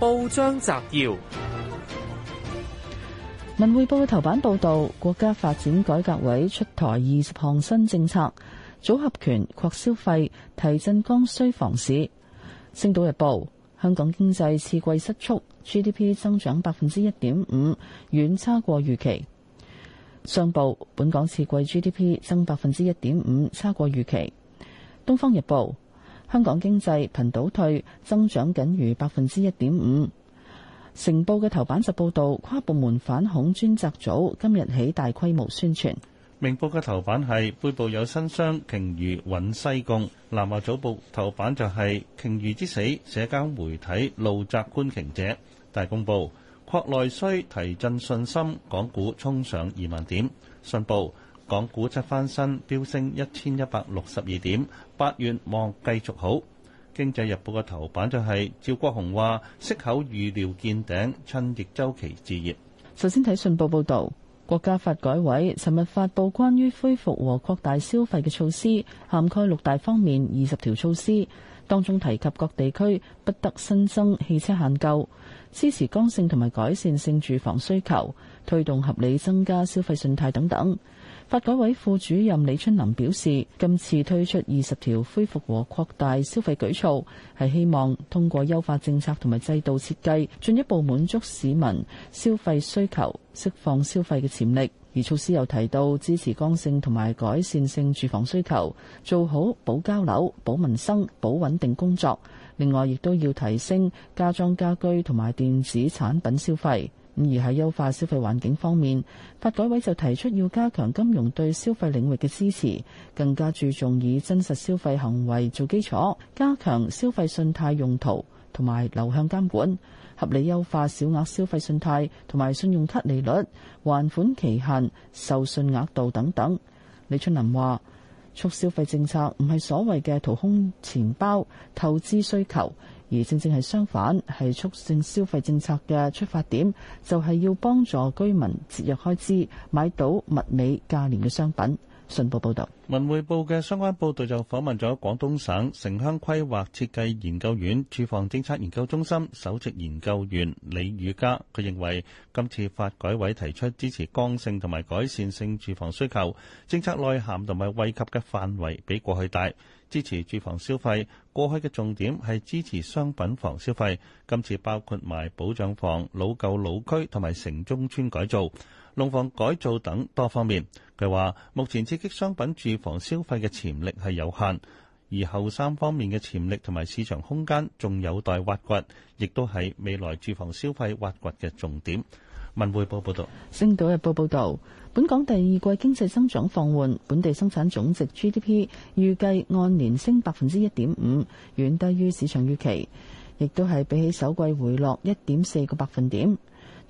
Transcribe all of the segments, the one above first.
報章摘要：《文匯報》頭版報道，國家發展改革委出台二十項新政策，組合拳擴消費，提振剛需房市。《星島日報》：香港經濟次季失速，GDP 增長百分之一點五，遠差過預期。商報：本港次季 GDP 增百分之一點五，差過預期。《東方日報》。香港經濟頻倒退，增長僅餘百分之一點五。成報嘅頭版就報導，跨部門反恐專責組今日起大規模宣傳。明報嘅頭版係背部有新傷，鯨魚揾西貢。南華早報頭版就係、是、鯨魚之死，社交媒體怒責觀鯨者。大公報，擴內需，提振信心，港股衝上二萬點。信報，港股七翻身，飆升一千一百六十二點。八月望繼續好。經濟日報嘅頭版就係趙國雄話：息口預料見頂，趁逆周期置業。首先睇信報報導，國家發改委尋日發佈關於恢復和擴大消費嘅措施，涵蓋六大方面二十條措施，當中提及各地區不得新增汽車限購，支持剛性同埋改善性住房需求，推動合理增加消費信貸等等。發改委副主任李春林表示，今次推出二十條恢復和擴大消費舉措，係希望通過優化政策同埋制度設計，計，進一步滿足市民消費需求，釋放消費嘅潛力。而措施又提到支持剛性同埋改善性住房需求，做好保交樓、保民生、保穩定工作。另外，亦都要提升家裝家居同埋電子產品消費。而喺優化消費環境方面，發改委就提出要加強金融對消費領域嘅支持，更加注重以真實消費行為做基礎，加強消費信貸用途同埋流向監管，合理優化小額消費信貸同埋信用卡利率、還款期限、授信額度等等。李春林話：促消費政策唔係所謂嘅掏空錢包、透支需求。而正正係相反，係促進消費政策嘅出發點，就係要幫助居民節約開支，買到物美價廉嘅商品。信報報導，文匯報嘅相關報導就訪問咗廣東省城鄉規劃設計研究院住房政策研究中心首席研究員李宇嘉。佢認為，今次發改委提出支持剛性同埋改善性住房需求政策內涵同埋惠及嘅範圍比過去大，支持住房消費。過去嘅重點係支持商品房消費，今次包括埋保障房、老舊老區同埋城中村改造、農房改造等多方面。佢話目前刺激商品、住房消費嘅潛力係有限，而後三方面嘅潛力同埋市場空間仲有待挖掘，亦都係未來住房消費挖掘嘅重點。文匯報報道。星島日報報道，本港第二季經濟增長放緩，本地生產總值 GDP 預計按年升百分之一點五，遠低於市場預期，亦都係比起首季回落一點四個百分點。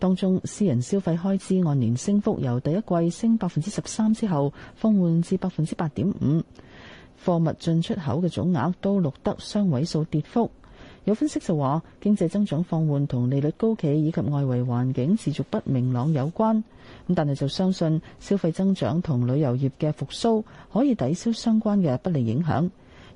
當中私人消費開支按年升幅由第一季升百分之十三之後放緩至百分之八點五，貨物進出口嘅總額都錄得雙位數跌幅。有分析就話，經濟增長放緩同利率高企以及外圍環境持續不明朗有關。咁但係就相信消費增長同旅遊業嘅復甦可以抵消相關嘅不利影響。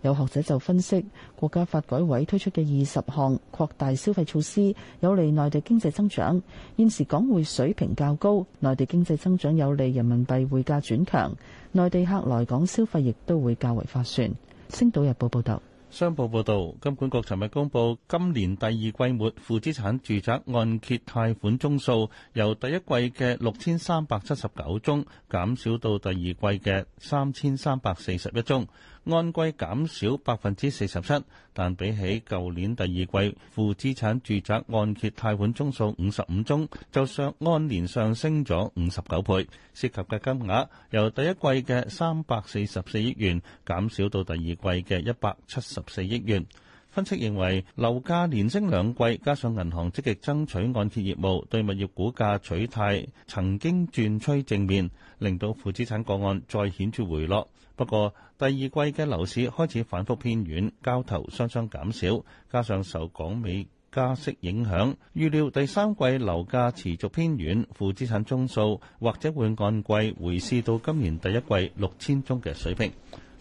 有學者就分析，國家發改委推出嘅二十項擴大消費措施有利內地經濟增長。現時港匯水平較高，內地經濟增長有利人民幣匯價轉強，內地客來港消費亦都會較為划算。星島日報報道，《商報》報道，金管局尋日公佈今年第二季末負資產住宅按揭貸款宗數由第一季嘅六千三百七十九宗減少到第二季嘅三千三百四十一宗。按季減少百分之四十七，但比起舊年第二季負資產住宅按揭貸款宗數五十五宗，就上按年上升咗五十九倍。涉及嘅金額由第一季嘅三百四十四億元減少到第二季嘅一百七十四億元。分析認為，樓價連升兩季，加上銀行積極爭取按揭業務，對物業股價取態曾經轉趨正面，令到負資產個案再顯著回落。不過第二季嘅樓市開始反覆偏軟，交投雙雙減少，加上受港美加息影響，預料第三季樓價持續偏軟，負資產宗數或者會按季回視到今年第一季六千宗嘅水平。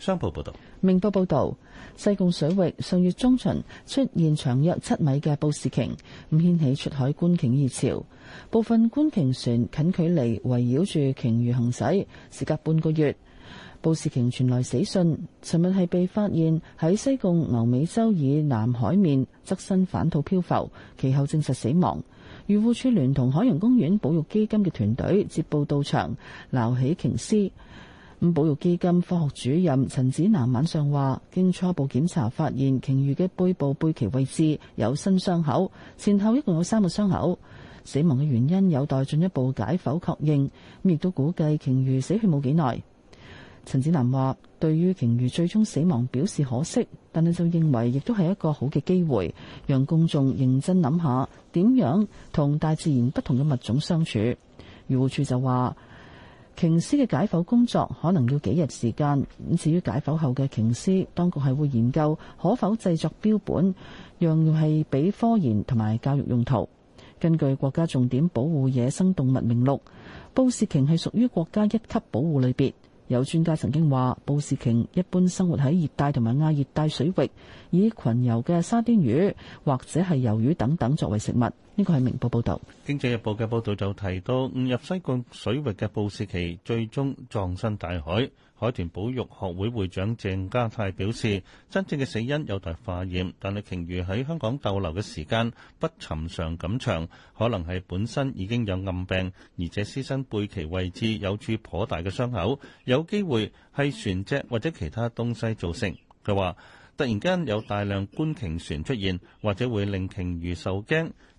商報報道：明報報道，西貢水域上月中旬出現長約七米嘅布氏鯨唔掀起出海觀鯨熱潮，部分觀鯨船近距離圍繞住鯨魚行駛。時隔半個月，布氏鯨傳來死訊，尋日係被發現喺西貢牛尾洲以南海面側身反肚漂浮，其後證實死亡。漁護處聯同海洋公園保育基金嘅團隊接報到場，撈起鯨屍。保育基金科學主任陳子南晚上話，經初步檢查發現，鯨魚嘅背部背鰭位置有新傷口，前後一共有三個傷口。死亡嘅原因有待進一步解剖確認，亦都估計鯨魚死去冇幾耐。陳子南話，對於鯨魚最終死亡表示可惜，但係就認為亦都係一個好嘅機會，讓公眾認真諗下點樣同大自然不同嘅物種相處。漁護處就話。鯨屍嘅解剖工作可能要幾日時間，咁至於解剖後嘅鯨屍，當局係會研究可否製作標本，用，係俾科研同埋教育用途。根據國家重點保護野生動物名錄，布氏鯨係屬於國家一級保護類別。有專家曾經話，布氏鯨一般生活喺熱帶同埋亞熱帶水域，以群游嘅沙丁魚或者係魷魚等等作為食物。呢個係明報報道。經濟日報嘅報道就提到，誤入西貢水域嘅布氏鯨最終葬身大海。海豚保育學會會長鄭家泰表示，真正嘅死因有待化驗，但係鯨魚喺香港逗留嘅時間不尋常咁長，可能係本身已經有暗病，而且屍身背鰭位置有處頗大嘅傷口，有機會係船隻或者其他東西造成。佢話突然間有大量觀鯨船出現，或者會令鯨魚受驚。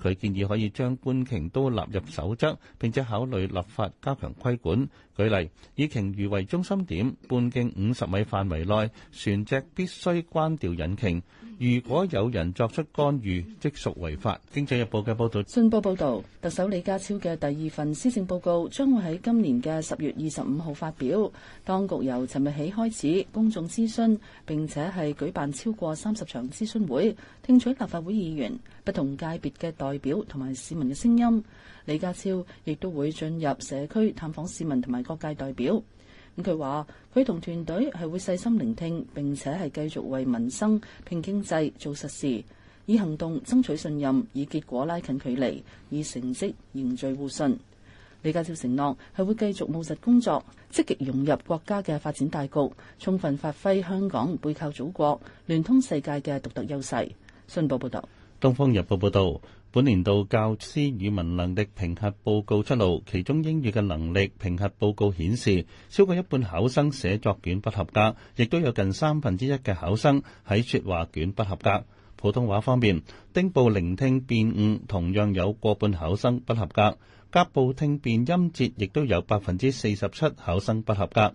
佢建議可以將觀鯨都納入守則，並且考慮立法加強規管。舉例，以鯨魚為中心點，半徑五十米範圍內，船隻必須關掉引擎。如果有人作出干預，即屬違法。經濟日報嘅報道，信報報道，特首李家超嘅第二份施政報告將會喺今年嘅十月二十五號發表。當局由尋日起開始公眾諮詢，並且係舉辦超過三十場諮詢會聽取立法會議員不同界別嘅代表同埋市民嘅聲音。李家超亦都會進入社區探訪市民同埋各界代表。佢話：佢同團隊係會細心聆聽，並且係繼續為民生拼經濟做實事，以行動爭取信任，以結果拉近距離，以成績凝聚互信。李家超承諾係會繼續務實工作，積極融入國家嘅發展大局，充分發揮香港背靠祖國、聯通世界嘅獨特優勢。信報報道。《東方日報》報導，本年度教師語文能力評核報告出爐，其中英語嘅能力評核報告顯示，超過一半考生寫作卷不合格，亦都有近三分之一嘅考生喺説話卷不合格。普通話方面，丁部聆聽辨誤同樣有過半考生不合格，甲部聽辨音節亦都有百分之四十七考生不合格。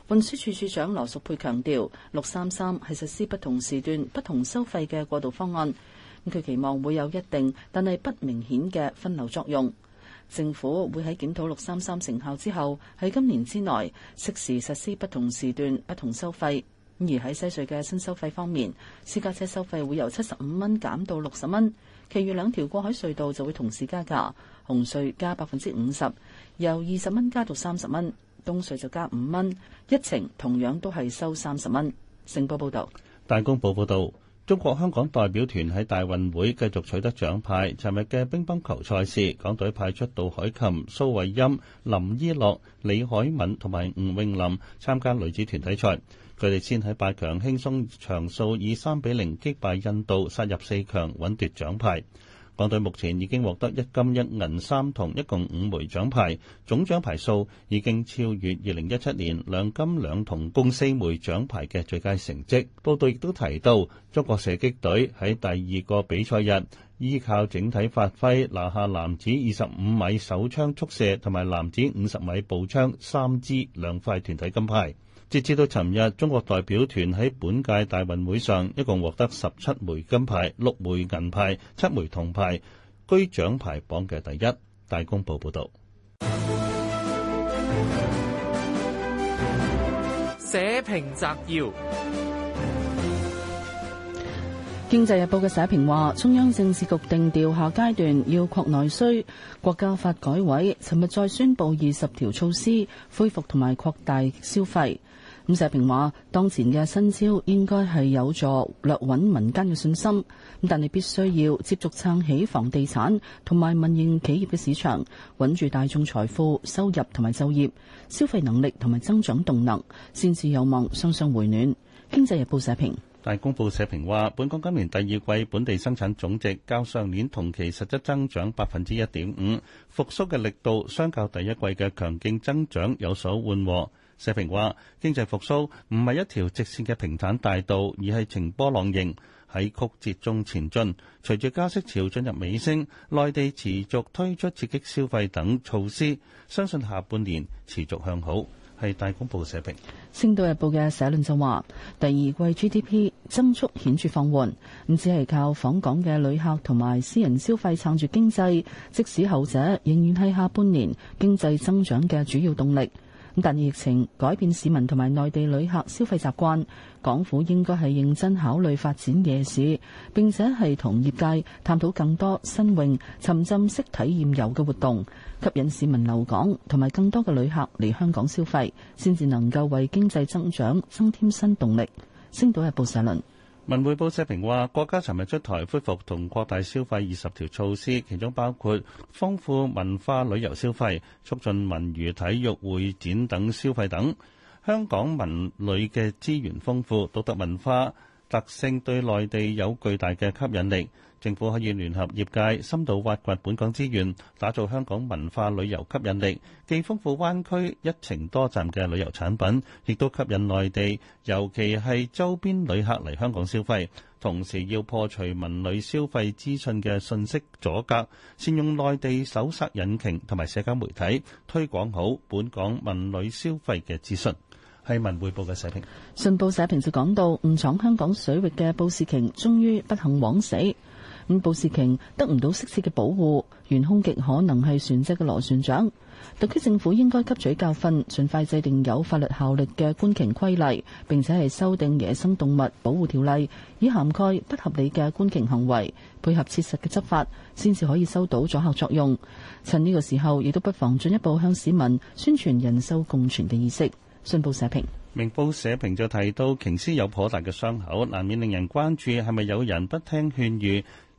運輸署署長羅淑佩強調，六三三係實施不同時段不同收費嘅過渡方案。佢期望會有一定但係不明顯嘅分流作用。政府會喺檢討六三三成效之後，喺今年之內適時實施不同時段不同收費。而喺西隧嘅新收費方面，私家車收費會由七十五蚊減到六十蚊，其餘兩條過海隧道就會同時加價，紅隧加百分之五十，由二十蚊加到三十蚊。東隧就加五蚊，一程同樣都係收三十蚊。成報報道：大公報報道，中國香港代表團喺大運會繼續取得獎牌。尋日嘅乒乓球賽事，港隊派出杜海琴、蘇偉音、林依樂、李海敏同埋吳泳琳參加女子團體賽。佢哋先喺八強輕鬆場數，以三比零擊敗印度，殺入四強，穩奪獎牌。港隊目前已經獲得一金一銀三銅，一共五枚獎牌，總獎牌數已經超越二零一七年兩金兩銅共四枚獎牌嘅最佳成績。報道亦都提到，中國射擊隊喺第二個比賽日，依靠整體發揮，拿下男子二十五米手槍速射同埋男子五十米步槍三支兩塊團體金牌。截至到尋日，中國代表團喺本屆大運會上一共獲得十七枚金牌、六枚銀牌、七枚銅牌，居獎牌榜嘅第一。大公報報道：社評摘要。經濟日報嘅社評話，中央政治局定調下階段要擴內需。國家發改委尋日再宣布二十條措施，恢復同埋擴大消費。咁社評話，當前嘅新招應該係有助略穩民間嘅信心。咁但係必須要接續撐起房地產同埋民營企業嘅市場，穩住大眾財富、收入同埋就業、消費能力同埋增長動能，先至有望雙雙回暖。經濟日報社評。大公報社評話，本港今年第二季本地生產總值較上年同期實質增長百分之一點五，復蘇嘅力度相較第一季嘅強勁增長有所緩和。社評話，經濟復蘇唔係一條直線嘅平坦大道，而係呈波浪形喺曲折中前進，隨住加息潮進入尾聲，內地持續推出刺激消費等措施，相信下半年持續向好。係《大公報》社評，《星島日報》嘅社論就話：第二季 GDP 增速顯著放緩，唔只係靠訪港嘅旅客同埋私人消費撐住經濟，即使後者仍然係下半年經濟增長嘅主要動力。但疫情改變市民同埋內地旅客消費習慣，港府應該係認真考慮發展夜市，並且係同業界探討更多新穎沉浸式體驗遊嘅活動，吸引市民留港同埋更多嘅旅客嚟香港消費，先至能夠為經濟增長增添新動力。星島日報社論。文匯報社評話：國家尋日出台恢復同擴大消費二十條措施，其中包括豐富文化旅遊消費、促進文娛體育會展等消費等。香港文旅嘅資源豐富，獨特文化特性對內地有巨大嘅吸引力。政府可以聯合業界，深度挖掘本港資源，打造香港文化旅遊吸引力，既豐富灣區一程多站嘅旅遊產品，亦都吸引內地，尤其係周邊旅客嚟香港消費。同時要破除文旅消費資訊嘅信息阻隔，善用內地搜索引擎同埋社交媒體，推廣好本港文旅消費嘅資訊。係文匯報嘅社評，信報社評就講到，誤闖香港水域嘅布氏鯨，終於不幸枉死。咁布氏鯨得唔到適切嘅保護，元兇極可能係船隻嘅螺旋槳。特區政府應該吸取教訓，盡快制定有法律效力嘅觀鯨規例，並且係修訂野生動物保護條例，以涵蓋不合理嘅觀鯨行為，配合切實嘅執法，先至可以收到阻嚇作用。趁呢個時候，亦都不妨進一步向市民宣傳人獸共存嘅意識。信報社評，明報社評就提到鯨屍有頗大嘅傷口，難免令人關注係咪有人不聽勸喻。